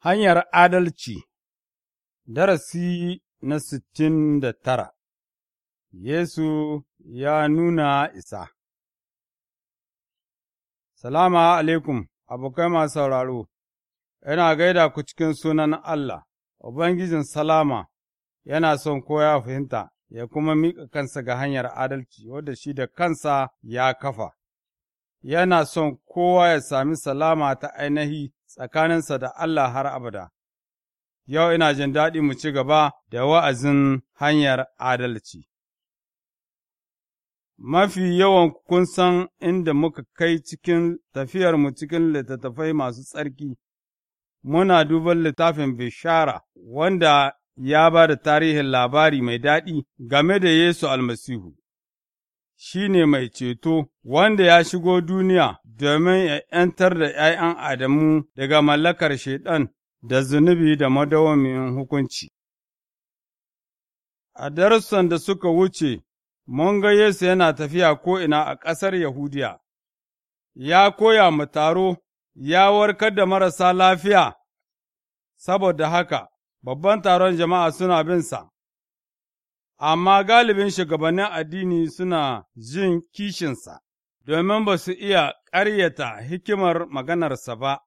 Hanyar Adalci Darasi na sittin da tara Yesu ya nuna isa Salama alaikum, abokai masu sauraro, yana gaida ku cikin sunan Allah, Ubangijin Salama yana son koya fahimta ya kuma miƙa kansa ga hanyar adalci wadda shi da kansa ya kafa, yana son kowa ya sami salama ta ainihi tsakaninsa da Allah har abada. Yau ina jin daɗi mu ci gaba da wa'azin hanyar adalci. Mafi yawan kun san inda muka kai cikin tafiyarmu cikin littattafai masu tsarki, muna duban littafin Bishara wanda ya ba da tarihin labari mai daɗi game da Yesu almasihu. shi ne mai ceto wanda ya shigo duniya domin ya ’yantar da ’ya'yan Adamu daga mallakar Shaiɗan da zunubi da madawamin hukunci. A darussan da suka wuce, mun ga Yesu yana tafiya ko'ina a ƙasar Yahudiya, ya koya mu taro, ya warkar da marasa lafiya, saboda haka, babban taron jama'a suna binsa. amma galibin shugabannin addini suna jin kishinsa, domin ba su iya ƙaryata hikimar maganarsa ba,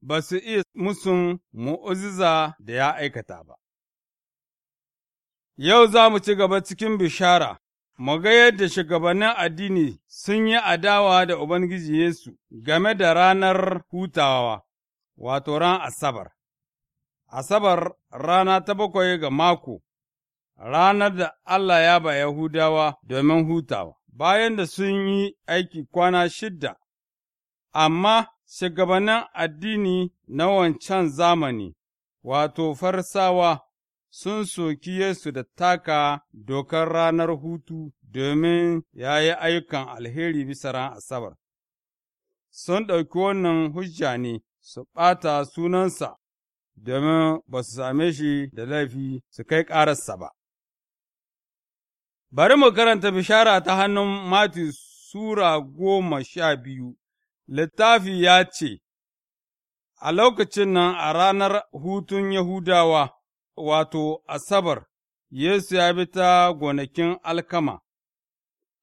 ba su iya musun mu'uziza da ya aikata ba. Yau za mu ci gaba cikin bishara, mu ga yadda shugabannin addini sun yi adawa da Ubangiji Yesu game da ranar hutawa, wato ran Asabar. Asabar rana ta bakwai ga mako. ranar da Allah ya ba Yahudawa domin hutawa, bayan da sun yi aiki kwana shidda, amma shugabannin addini na wancan zamani, wato farsawa, sun soki Yesu da taka dokar ranar hutu domin ya yi ayyukan alheri bisa ran Asabar. Sun ɗauki wannan hujja ne su ɓata sunansa domin ba su same shi da laifi su kai ƙararsa ba. Bari mu karanta bishara ta hannun Mati Sura goma sha biyu, littafi ya ce, A lokacin nan a ranar hutun Yahudawa, wato Asabar, Yesu ya bi ta gonakin alkama,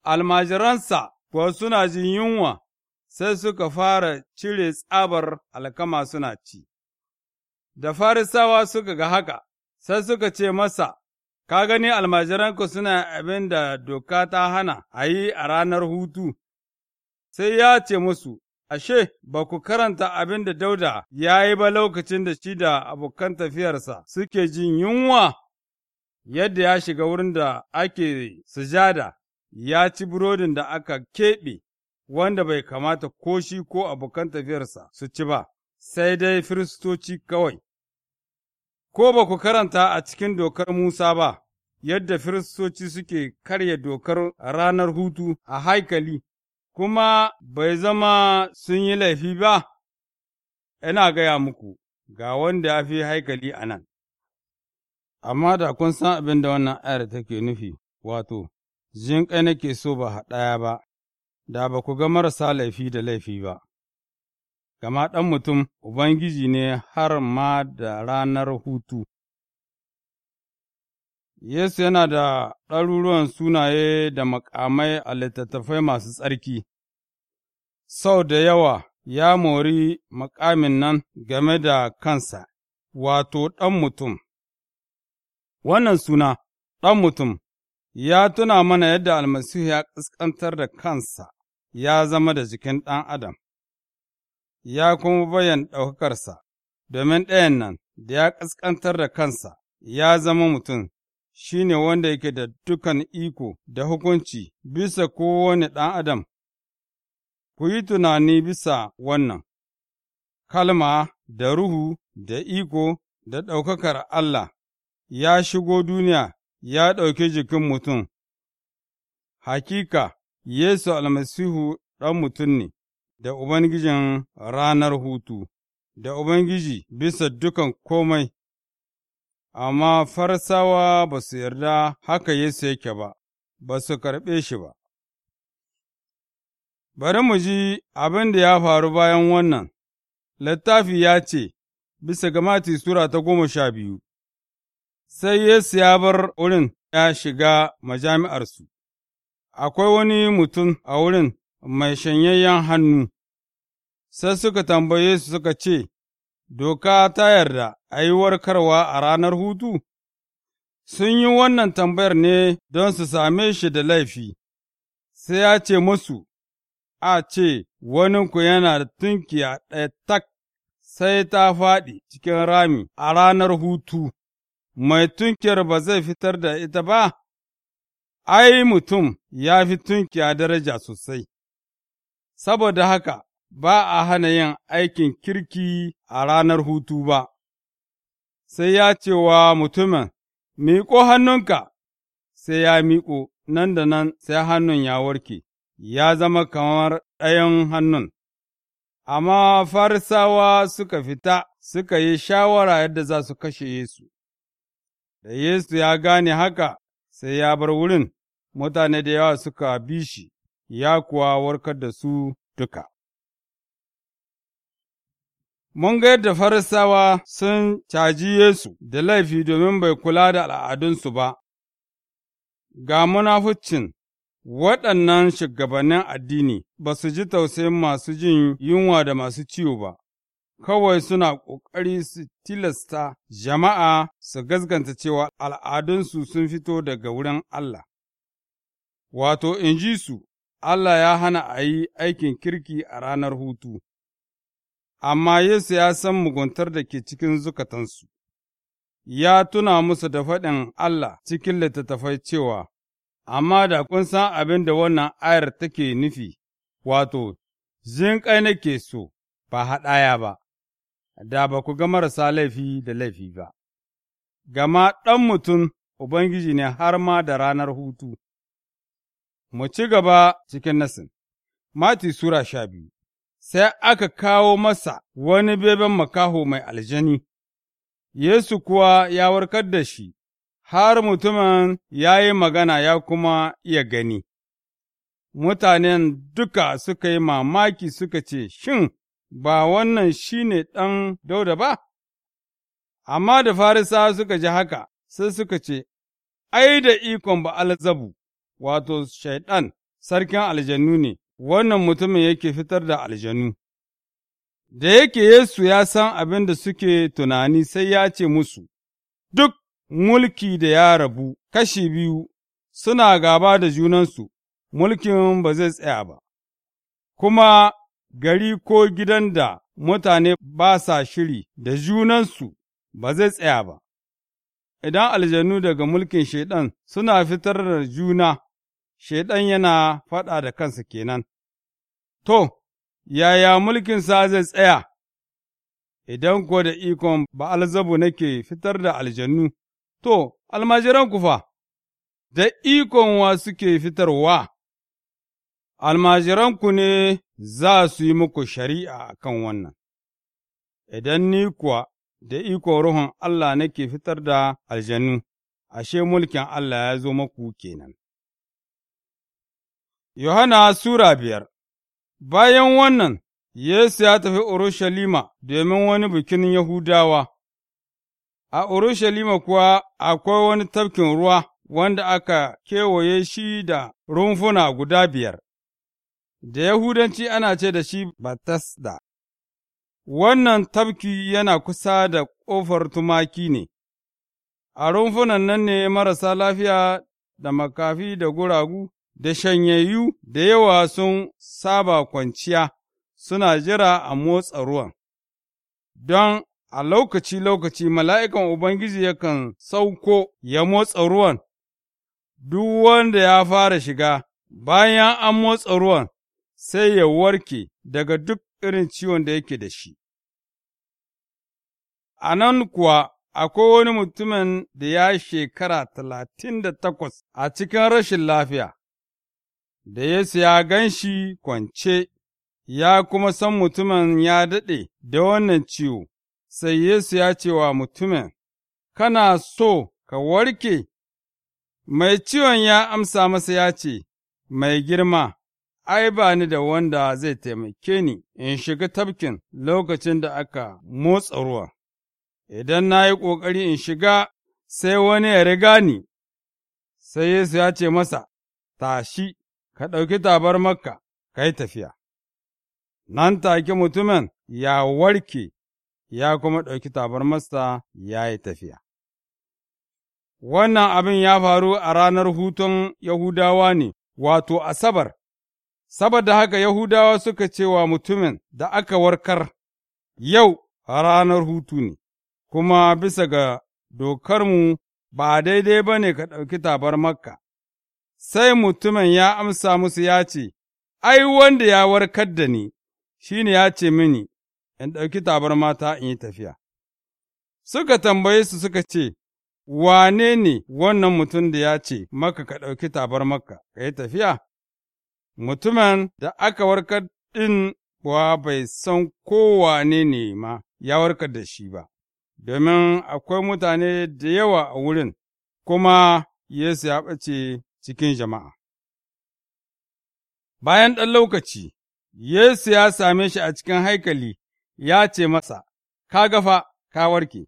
almajiransa kuwa suna jin yunwa, sai suka fara cire tsabar alkama suna ci. Da farisawa suka ga haka, sai suka ce masa, ka gani almajiranku suna abin da doka ta hana a yi a ranar hutu, sai ya ce musu, Ashe, ba ku karanta abin da Dauda ya yi ba lokacin da shi da abokan tafiyarsa suke jin yunwa, yadda ya shiga wurin da ake sujada, ya ci burodin da aka keɓe, wanda bai kamata ko shi ko abokan tafiyarsa su ci ba, sai dai firistoci kawai. ko ba ku karanta a cikin dokar Musa ba, yadda firistoci suke karya dokar ranar hutu a haikali, kuma bai zama sun yi laifi ba, ina gaya muku ga wanda ya fi haikali a nan. Amma da kun san abin da wannan ayar take nufi, wato, jin nake so ba haɗaya ba, da ba ku ga marasa laifi da laifi ba. gama Ɗan mutum Ubangiji ne har ma da ranar hutu. Yesu yana da ɗaruruwan sunaye da makamai a littattafai masu tsarki, sau da yawa ya mori makamin nan game da kansa, wato ɗan mutum. Wannan suna, ɗan mutum, ya tuna mana yadda almasihu ya ƙasƙantar da kansa, ya zama da jikin ɗan Adam. ya kuma bayan ɗaukakarsa, domin ɗayan nan da ya ƙasƙantar da kansa ya zama mutum, shi ne wanda yake da dukan iko da hukunci bisa kowane ɗan adam. Ku yi tunani bisa wannan, kalma da ruhu da iko da ɗaukakar Allah ya shigo duniya ya ɗauki jikin mutum, hakika Yesu almasihu ɗan mutum ne. da Ubangijin ranar hutu, da Ubangiji bisa dukan komai, amma farsawa ba su yarda haka Yesu yake ba, ba su karɓe shi ba. Bari mu ji abin da ya faru bayan wannan, littafi ya ce, bisa ga Mati Sura ta goma sha biyu, sai Yesu ya bar wurin ya shiga majami'arsu, akwai wani mutum a wurin mai shanyayyen hannu, sai suka tambaye su suka ce, Doka ta yarda a yi warkarwa a ranar hutu? Sun yi wannan tambayar ne don su same shi da laifi, sai ya ce musu, A ce, wani ku yana da tunkiya ɗaya tak sai ta faɗi cikin rami a ranar hutu, mai tunkiyar ba zai fitar da ita ba? Ai, mutum ya fi tunkiya daraja sosai. saboda haka ba a hana yin aikin kirki a ranar hutu ba, sai ya ce wa mutumin, Miƙo hannunka, sai ya miƙo, nan da nan sai hannun ya warke, ya zama kamar ɗayan hannun. Amma farisawa suka fita suka yi shawara yadda za su kashe Yesu, da Yesu ya gane haka sai ya bar wurin, mutane da yawa suka bi shi. ya kuwa warkar da su duka. Mun ga yadda Farisawa sun caji Yesu da laifi domin bai kula da al'adunsu ba, ga munafucin waɗannan shugabannin addini ba su ji tausayin masu jin yunwa da masu ciwo ba, kawai suna ƙoƙari su tilasta jama'a su gaskanta cewa al'adunsu sun fito daga wurin Allah. Wato, in ji su, Allah ya hana a yi aikin kirki a ranar hutu, amma Yesu ya san muguntar da ke cikin zukatansu, ya tuna musu da faɗin Allah cikin littattafai cewa, Amma da kun san abin da wannan ayar take nufi, wato, jinƙai nake so, ba haɗaya ba, da ba ku ga marasa laifi da laifi ba, gama ɗan mutum Ubangiji ne har ma da ranar hutu. Mu ci gaba cikin nasin, Mati Sura sha biyu, sai aka kawo masa wani beben makaho mai aljani, Yesu kuwa ya warkar da shi, har mutumin ya yi magana ya kuma iya gani. Mutanen duka suka yi mamaki suka ce, Shin, ba wannan shi ne ɗan dauda ba? Amma da Farisa suka ji haka, sai suka ce, Ai, da ikon ba alzabu. wato Shaiɗan, sarkin aljanu ne, wannan mutumin yake fitar da aljanu. Da yake Yesu ya san abin da suke tunani sai ya ce musu, Duk mulki da ya rabu kashi biyu suna gaba da junansu, mulkin ba zai tsaya ba, kuma gari ko gidan da mutane ba sa shiri da junansu ba zai tsaya ba. Idan aljanu daga mulkin Shaiɗan suna fitar da juna Shaiɗan yana faɗa da kansa kenan. To, yaya mulkinsa zai tsaya, idan ko da ikon ba'alzabu nake fitar da aljannu, to, almajiranku fa, da ikon wa suke fitarwa, ku ne za su yi muku shari'a a kan wannan, idan ni kuwa da ikon Ruhun Allah nake fitar da aljannu, ashe mulkin Allah ya zo maku kenan. Yohana Sura biyar Bayan wannan, Yesu ya tafi Urushalima domin wani bikin Yahudawa, a Urushalima kuwa akwai wani tafkin ruwa wanda aka kewaye shi da rumfuna guda biyar, da Yahudanci ana ce da shi Batasda. Wannan tafki yana kusa da ƙofar tumaki ne, a rumfunan nan ne marasa lafiya da makafi da guragu da shanyayyu da yawa sun saba kwanciya suna jira a motsa ruwan, don a lokaci-lokaci mala'ikan Ubangiji yakan sauko ya motsa ruwan, duk wanda ya fara shiga bayan an motsa ruwan sai ya warke daga duk irin ciwon da yake da shi. A nan kuwa akwai wani mutumin da ya shekara talatin da takwas a cikin rashin lafiya. da Yesu ya gan shi kwance, ya kuma san mutumin ya daɗe da wannan ciwo, sai Yesu ya ce wa mutumin, Kana so ka warke? Mai ciwon ya amsa masa ya ce, Mai girma, ai, ba ni da wanda zai taimake ni in shiga tafkin lokacin da aka motsa ruwa. Idan na yi ƙoƙari in shiga, sai wani ya riga ni, sai Yesu ya ce masa, Tashi, ka ɗauki makka, ka yi tafiya. Nan take mutumin ya warke, ya kuma ɗauki masa ya yi tafiya. Wannan abin ya faru a ranar hutun Yahudawa ne, wato Asabar, saboda haka Yahudawa suka ce wa mutumin da aka warkar, Yau ranar hutu ne, kuma bisa ga dokarmu ba daidai ba ne ka ɗauki tabar makka sai mutumin ya amsa musu ya ce, Ai, wanda ya warkar da ni, shi ne ya ce mini, in ɗauki tabar mata in yi tafiya. Suka tambaye su suka ce, Wane ne wannan mutum da ya ce, Maka ka ɗauki tabar ka yi tafiya? Mutumin da aka warkar ɗin wa bai san ko wane ne ma ya warkar da shi ba, domin akwai mutane da yawa a wurin, kuma Yesu ya ɓace cikin jama'a. Bayan ɗan lokaci, Yesu ya same shi a cikin haikali ya ce masa, Ka gafa, ka warke,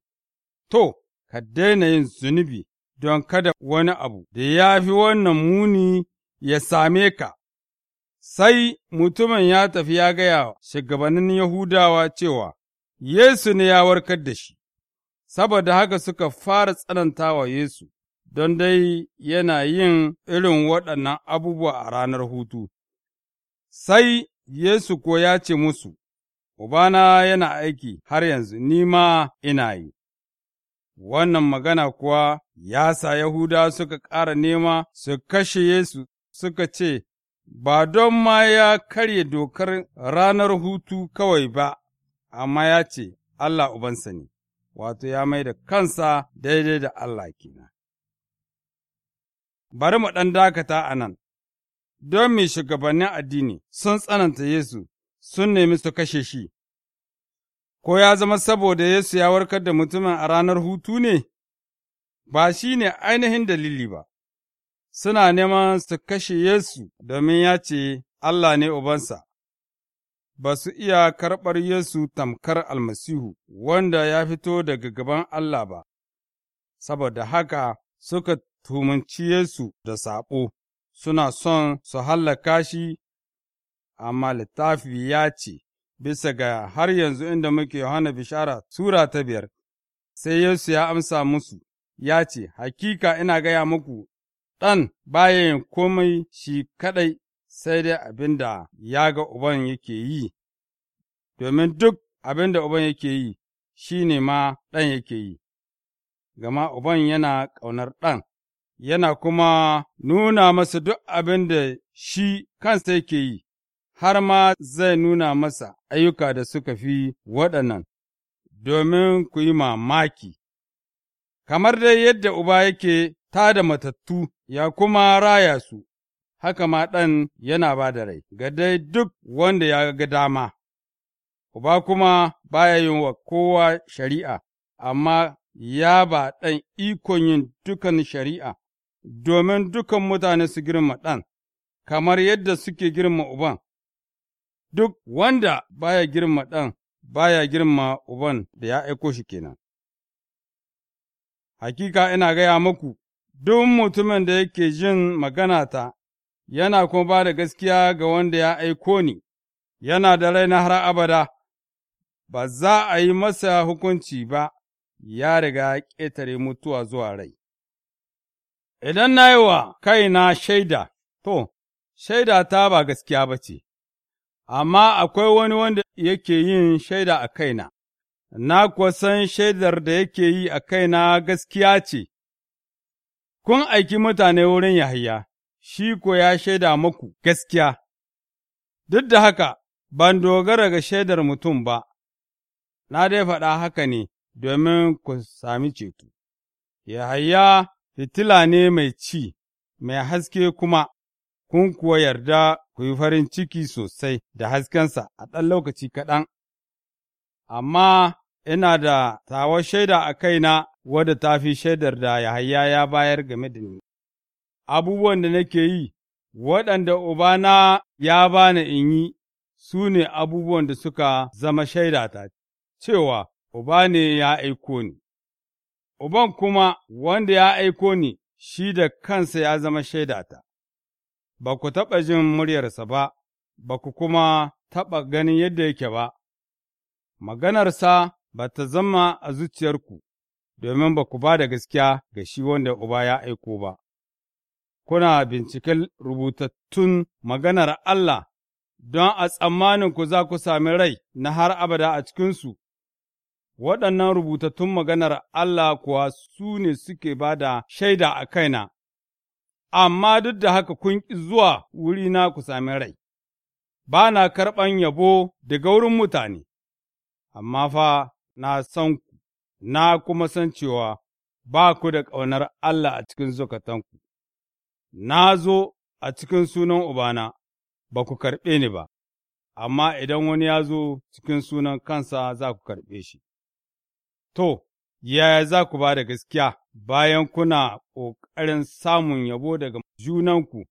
to, ka daina yin zunubi don kada wani abu da ya fi wannan muni ya same ka. Sai mutumin ya tafi ya gaya shagabannin shugabannin Yahudawa cewa, Yesu ne ya warkar da shi, saboda haka suka fara tsananta wa Yesu. don dai yana yin irin waɗannan abubuwa a ranar hutu. Sai Yesu ko ya ce musu, Ubana yana aiki har yanzu, ni ma ina yi. Wannan magana kuwa ya sa Yahuda suka ƙara nema su kashe Yesu suka ce, Ba don ma ya karya dokar ranar hutu kawai ba, amma ya ce, Allah Ubansa ne, wato ya mai da kansa daidai da Allah kenan. bari mu ɗan dakata a nan, don mai shugabannin addini sun tsananta Yesu sun nemi su kashe shi, ko ya zama saboda Yesu ya warkar da mutumin a ranar hutu ne, ba shi ne ainihin dalili ba, suna neman su kashe Yesu domin ya ce Allah ne Ubansa. Ba su iya karɓar Yesu tamkar almasihu wanda ya fito daga gaban Allah ba, saboda haka suka tuhumanci Yesu da saɓo, suna son su hallaka shi, amma littafi ya ce, bisa ga har yanzu inda muke Yohana Bishara Sura ta biyar, sai Yesu ya amsa musu, ya ce, Hakika ina gaya muku, ɗan baya komai shi kaɗai, sai dai abin da ya ga Uban yake yi, domin duk abin da Uban yake yi, shi ne ma ɗan yake yi, gama Uban yana ƙaunar ɗan, yana kuma nuna masa duk abin da shi kansa yake yi, har ma zai nuna masa ayyuka da suka fi waɗannan, domin ku yi mamaki. Kamar dai yadda Uba yake ta da matattu ya kuma raya su, haka ma ɗan yana ba da rai ga dai duk wanda ya ga dama. Uba kuma baya yin wa kowa shari'a, amma ya ba ɗan ikon yin dukan shari'a domin dukan mutane su girma ɗan, kamar yadda suke girma uban, duk wanda baya girma ɗan baya girma uban da ya aiko shi kenan. Hakika ina gaya muku, duk mutumin da yake jin maganata yana kuma ba da gaskiya ga wanda ya aiko ni, yana da rai na har abada, ba za a yi masa hukunci ba, ya riga ƙetare mutuwa zuwa rai. Idan na yi wa kaina shaida, to, shaida ta ba gaskiya ba ce, amma akwai wani wanda yake yin shaida a kaina, na kuwa san shaidar da yake yi a kaina gaskiya ce, kun aiki mutane wurin Yahaya, shi ko ya shaida muku gaskiya, duk da haka ban dogara ga shaidar mutum ba, na dai faɗa haka ne domin ku sami ceto. Yahaya fitila ne mai ci, mai haske kuma, kun kuwa yarda ku yi farin ciki sosai da haskensa a ɗan lokaci kaɗan, amma ina da tawa shaida a kaina wadda ta fi shaidar da Yahaya ya bayar game da ni, abubuwan da nake yi, waɗanda Obana ya bani in yi, su ne abubuwan da suka zama shaida ta. cewa Uba ne ya aiko ni. Uban kuma wanda ya aiko ni, shi da kansa ya zama shaidata, ba ku taɓa jin muryarsa ba, ba ku kuma taɓa ganin yadda yake ba, maganarsa ba ta zama a zuciyarku, domin ba ku ba da gaskiya ga shi wanda Uba ya aiko ba. Kuna binciken rubutattun maganar Allah don a tsammanin ku za ku sami rai na har abada a cikinsu, waɗannan rubutattun maganar Allah kuwa su ne suke ba da shaida a kaina, amma duk da haka kun ƙi zuwa wurina ku sami rai, ba na karɓan yabo daga wurin mutane, amma fa na san ku, na kuma san cewa ba ku da ƙaunar Allah a cikin zukatanku, na zo a cikin sunan Ubana, ba ku karɓe ni ba, amma idan wani ya zo cikin sunan kansa za ku karɓe shi. To, yaya za ku ba da gaskiya bayan kuna ƙoƙarin samun yabo daga junanku,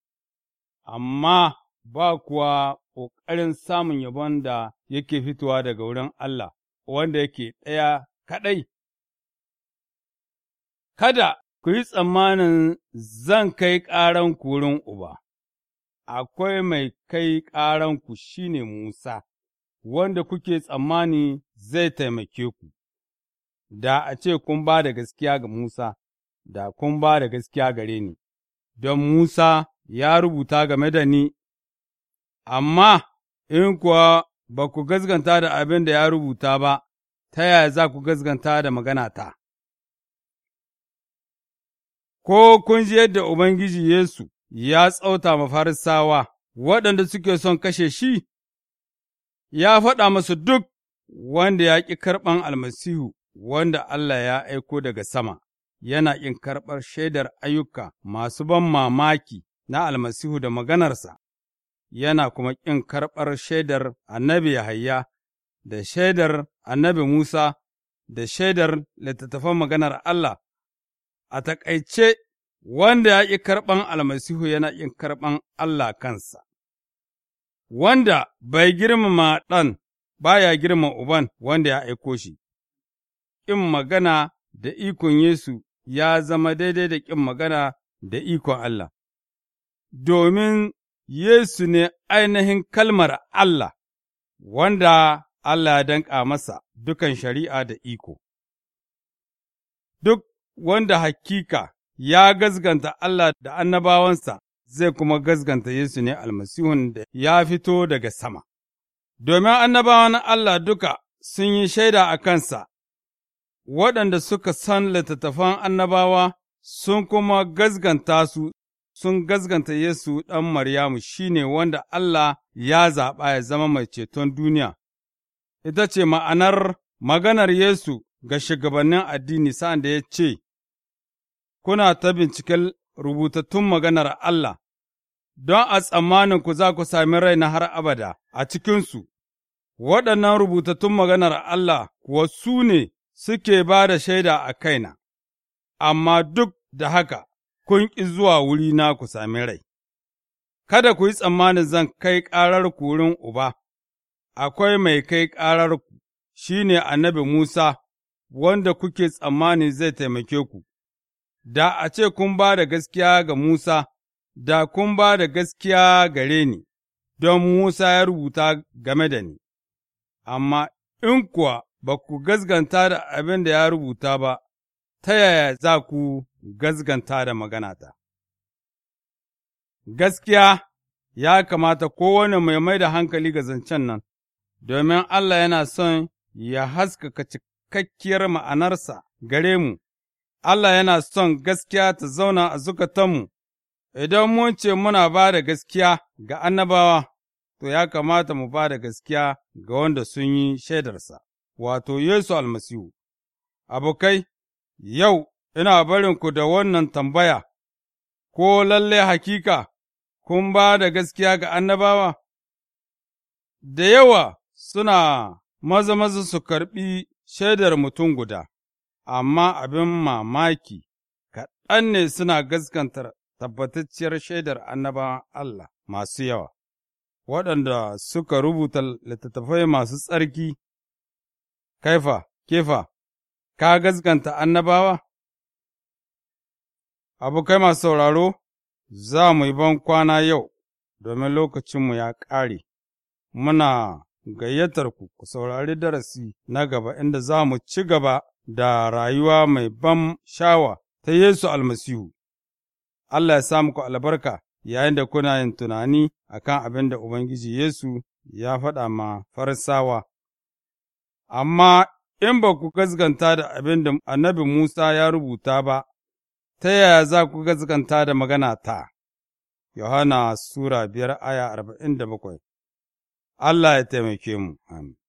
amma ba kuwa ƙoƙarin samun yabon da yake fitowa daga wurin Allah, wanda yake ɗaya kaɗai? Kada ku yi tsammanin zan kai ƙaran wurin Uba, akwai mai kai ƙaranku shi ne Musa, wanda kuke tsammani zai taimake ku. da a ce kun ba da gaskiya ga Musa, da kun ba da gaskiya gare ni, don Musa ya rubuta game da ni, amma in kuwa ba ku gaskanta da abin da ya rubuta ba, ta yaya za ku gaskanta da magana ta? Ko kun ji yadda Ubangiji Yesu ya tsauta ma Farisawa waɗanda suke son kashe shi, ya faɗa masu duk wanda ya ƙi karɓan almasihu wanda Allah ya aiko daga sama, yana in karɓar shaidar ayyuka masu ban mamaki na almasihu da maganarsa, yana kuma ƙin karɓar shaidar annabi Yahaya da shaidar annabi Musa da shaidar littattafan maganar Allah, a taƙaice wanda ya ƙi karɓan almasihu yana ƙin karɓan Allah kansa. Wanda bai girmama ɗan ba ya girmama uban wanda ya aiko shi, ƙin magana da ikon Yesu ya zama daidai da ƙin magana da ikon Allah, domin Yesu ne ainihin kalmar Allah, wanda Allah ya danƙa masa dukan shari'a da iko. Duk wanda hakika ya gazganta Allah da annabawansa zai kuma gazganta Yesu ne almasihun da ya fito daga sama, domin annabawan Allah duka sun yi shaida a kansa waɗanda suka san littattafan annabawa sun kuma gazganta su, sun gazganta Yesu ɗan Maryamu shi ne wanda Allah ya zaɓa ya zama mai ceton duniya. Ita ce ma'anar maganar Yesu ga shugabannin addini sa'an da ya ce, Kuna ta binciken rubutattun maganar Allah, don a tsammanin ku za ku sami rai na har abada a cikinsu, waɗannan rubutattun maganar Allah kuwa su ne suke ba da shaida a kaina, amma duk da haka kun ƙi zuwa wurina ku sami rai. Kada ku yi tsammanin zan kai ƙarar ku wurin Uba, akwai mai kai ƙarar ku, shi ne annabi Musa, wanda kuke tsammani zai taimake ku, da a ce kun ba da gaskiya ga Musa, da kun ba da gaskiya gare ni, don Musa ya rubuta game da ni, amma in kuwa ba ku gazganta da abin da ya rubuta ba, ta yaya za ku gazganta da maganata? Gaskiya ya kamata kowane mai mai da hankali ga zancen nan, domin Allah yana son ya haskaka cikakkiyar ma'anarsa gare mu, Allah yana son gaskiya ta zauna a zukatanmu, idan mun ce muna ba da gaskiya ga annabawa, to ya kamata mu ba da gaskiya ga wanda sun yi shaidarsa. wato Yesu almasihu. Abokai, yau ina barinku da wannan tambaya, ko lalle hakika kun ba da gaskiya ga annabawa? Da yawa suna maza maza su karɓi shaidar mutum guda, amma abin mamaki kaɗan ne suna gaskantar tabbatacciyar shaidar annabawan Allah masu yawa, waɗanda suka rubuta littattafai masu tsarki kaifa, kefa, ka gaskanta annabawa? Abokai masu sauraro, za mu yi ban kwana yau, domin lokacinmu ya ƙare, muna gayyatar ku ku saurari darasi na gaba inda za mu ci gaba da rayuwa mai ban shawa ta Yesu almasihu. Allah ya samu ku albarka yayin da kuna yin tunani akan abin da Ubangiji Yesu ya faɗa ma farisawa. amma in ba ku gaskanta da abin da annabi Musa ya rubuta ba, ta yaya za ku gaskanta da magana ta? Yohana Sura biyar aya arba'in da bakwai Allah ya taimake mu, amin.